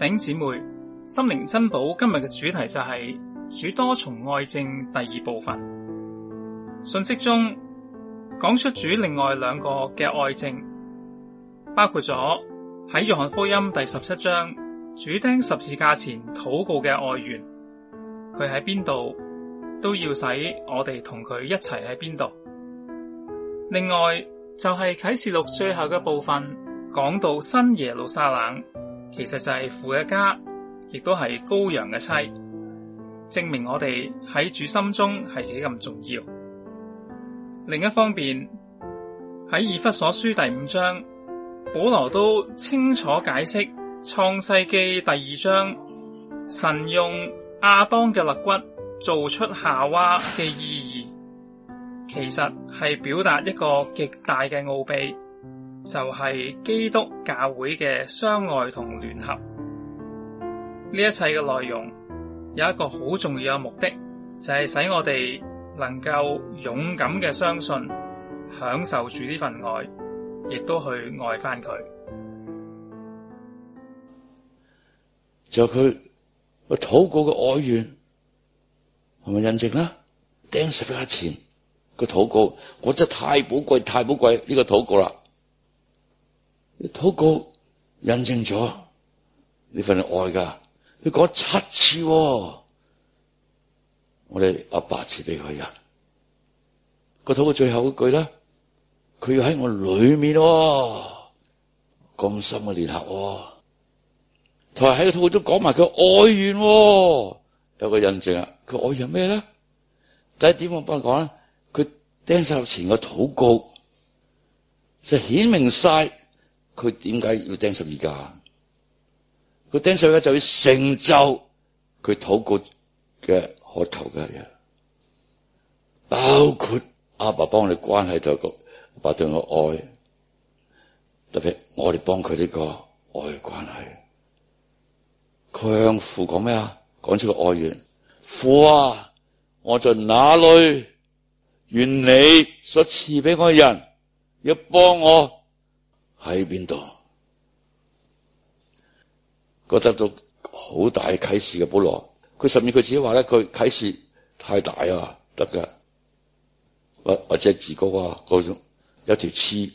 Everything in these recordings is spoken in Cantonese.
頂姊妹，心靈珍寶今日嘅主題就係主多重愛證第二部分。信息中講出主另外兩個嘅愛證，包括咗喺約翰福音第十七章，主釘十字架前禱告嘅愛願，佢喺邊度都要使我哋同佢一齊喺邊度。另外就係、是、啟示錄最後嘅部分，講到新耶路撒冷。其實就係父嘅家，亦都係羔羊嘅妻，證明我哋喺主心中係幾咁重要。另一方面，喺以弗所書第五章，保羅都清楚解釋創世記第二章神用亞當嘅肋骨做出夏娃嘅意義，其實係表達一個極大嘅奧秘。就係基督教會嘅相愛同聯合。呢一切嘅內容有一個好重要嘅目的，就係、是、使我哋能夠勇敢嘅相信，享受住呢份愛，亦都去愛翻佢。就佢個禱告嘅愛願係咪印證啦，釘十字架前個禱告，我真係太寶貴，太寶貴呢個禱告啦。禱告印證咗呢份愛噶，佢講七次、哦，我哋阿伯次俾佢印，個禱告最後嗰句咧，佢要喺我裏面、哦，咁深嘅聯合、哦，同埋喺個禱告中講埋佢愛願、哦，有個印證啊，佢愛願咩咧？第一點我幫佢講啦，佢釘十字前個禱告就顯明晒。佢點解要釘十二架？佢釘十二架就要成就佢禱告嘅渴求嘅嘢，包括阿爸，爸幫我哋關係就個爸，爸對我愛，特別我哋幫佢呢個愛關係。佢向父講咩啊？講出個愛願，父啊，我在那裏，願你所賜俾我嘅人，要幫我。喺邊度？覺得都好大啟示嘅保羅，佢甚至佢自己話咧，佢啟示太大啊，得噶，或或者自高啊嗰種，有條絲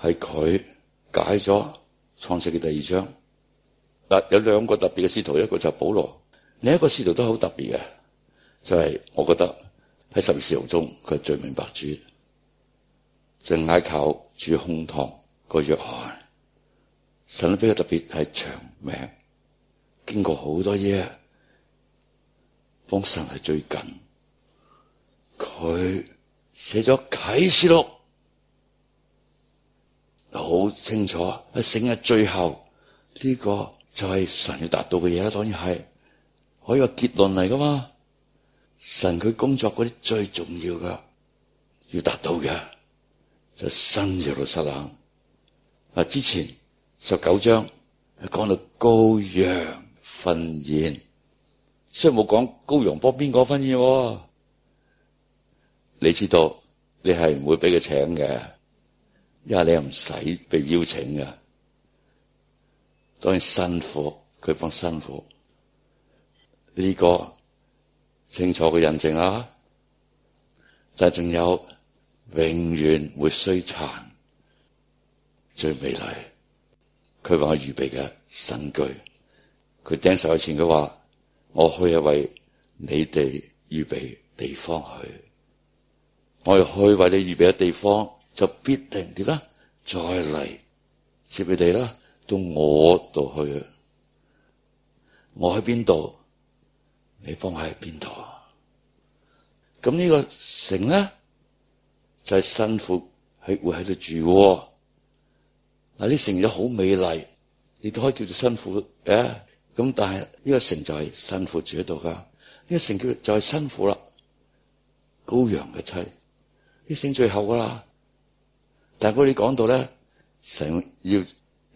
係佢解咗創世嘅第二章。嗱、啊，有兩個特別嘅使徒，一個就保羅，另一個使徒都好特別嘅，就係、是、我覺得喺十二使徒中，佢係最明白主。淨係靠住胸膛個約翰，神都比較特別係長命，經過好多嘢，幫神係最緊。佢寫咗啟示錄，好清楚喺聖經最後呢個就係神要達到嘅嘢啦。當然係，可以話結論嚟㗎嘛。神佢工作嗰啲最重要㗎，要達到嘅。就新入到失冷啊！之前十九章佢講到高陽婚宴，雖然冇講高陽幫邊個婚宴，你知道你係唔會俾佢請嘅，因為你又唔使被邀請嘅。當然辛苦，佢幫辛苦呢、這個清楚嘅印證啊！但係仲有。永遠會衰殘，最美麗。佢話我預備嘅新居，佢釘十字架前佢話，我去係為你哋預備地方去，我若去為你預備嘅地方就必定點啦，再嚟接你哋啦，到我度去。我喺邊度？你幫我喺邊度？咁呢個城咧？就係辛苦，喺會喺度住嗱啲城都好美麗，亦都可以叫做辛苦啊！咁但係呢個城就係辛苦住喺度噶，呢、這個城叫就係辛苦啦。羔羊嘅妻，呢城最後噶啦。但係我哋講到咧，成要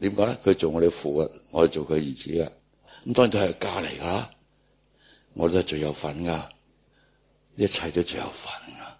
點講咧？佢做我哋父嘅，我哋做佢兒子嘅。咁當然都係嫁嚟噶啦，我都係最有份噶，一切都最有份噶。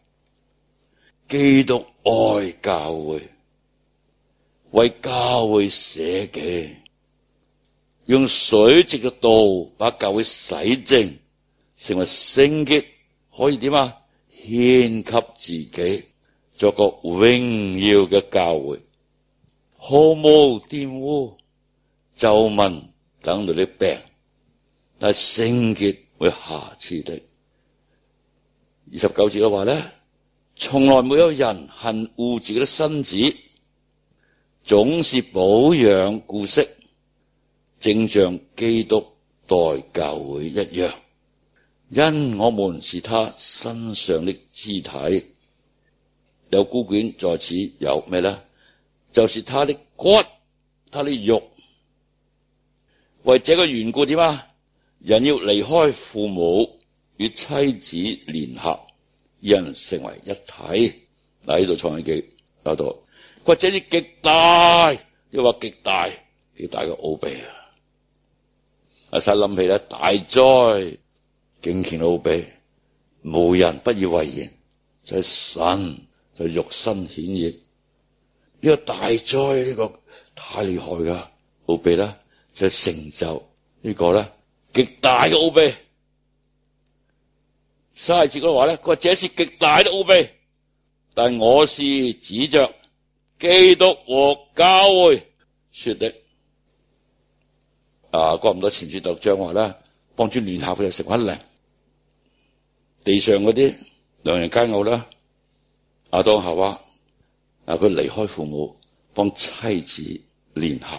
基督愛教會，為教會捨己，用水藉着嘅道把教會洗淨，成為聖潔，可以點啊？獻給自己，作個榮耀嘅教會，毫無玷污、皺紋等類嘅病，但聖潔會瑕疵的。二十九節嘅話咧？從來沒有人恨惡自己的身子，總是保養顧惜，正像基督待教會一樣，因我們是他身上的肢體。有古卷在此，有咩呢？就是他的骨，他的肉。為這個緣故，點啊？人要離開父母與妻子連合。人成為一體，嗱，呢度創世記度，或者啲極大，又話極大，極大嘅奧秘啊！我使諗起咧，大哉敬虔奧秘，無人不以為然，就係、是、神就是、肉身顯現呢、這個大哉呢、這個太厲害噶奧秘啦，就是、成就、這個、呢個咧極大嘅奧秘。嘥住嗰話咧，這是極大的奧秘，但我是指着基督和教會說的。啊，過唔多前傳道章話啦，幫主聯合佢就成一靈。地上嗰啲良人佳偶啦，亞當夏娃啊，佢離開父母，幫妻子聯合，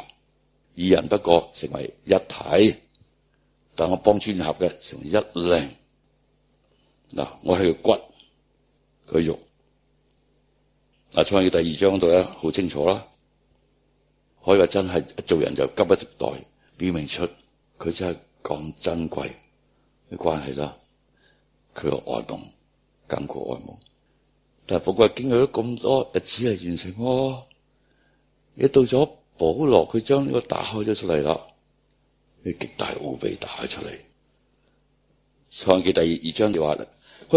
二人不過成為一體，但我幫主聯合嘅成為一靈。嗱，我係個骨，佢肉，阿創記第二章度咧，好清楚啦。可以話真係一做人就急不及待，表明,明出佢真係咁珍貴嘅關係啦。佢又愛慕，感覺愛慕，但係不過經過咗咁多日子嚟完成。你到咗保羅，佢將呢個打開咗出嚟啦，啲極大奧秘打開出嚟。創記第二二章就話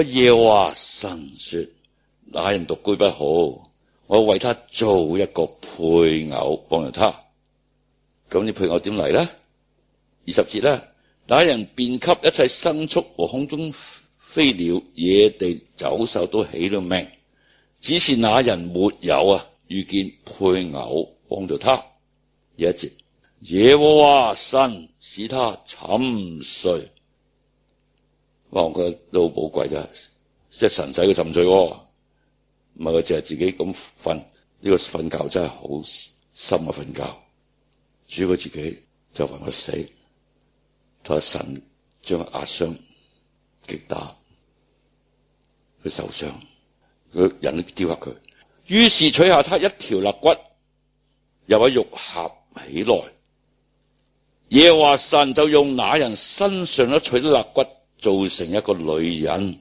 耶和華神說：那人獨居不好，我為他做一個配偶幫助他。咁你配偶點嚟啦？二十節啦，那人便給一切牲畜和空中飛鳥、野地走獸都起咗名，只是那人沒有啊遇見配偶幫助他。廿一節，耶和華神使他沉睡。我覺得都好寶貴啫，即係神仔嘅沉醉，唔係佢淨係自己咁瞓，呢個瞓覺真係好深嘅瞓覺，主佢自己就為佢死，但係神將佢壓傷、擊打，佢受傷，佢人都丟下佢。於是取下他一條肋骨，又把肉合起來，耶和華神就用那人身上一取肋骨。造成一個女人，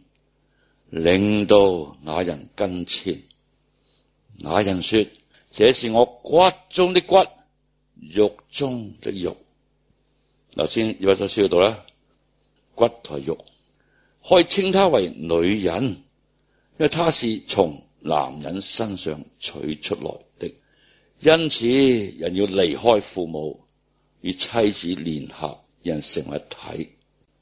領到那人跟前，那人說：這是我骨中的骨，肉中的肉。頭先呢位再書嗰度啦。骨同肉，可以稱他為女人，因為他是從男人身上取出來的。因此，人要離開父母與妻子連合，人成為一體。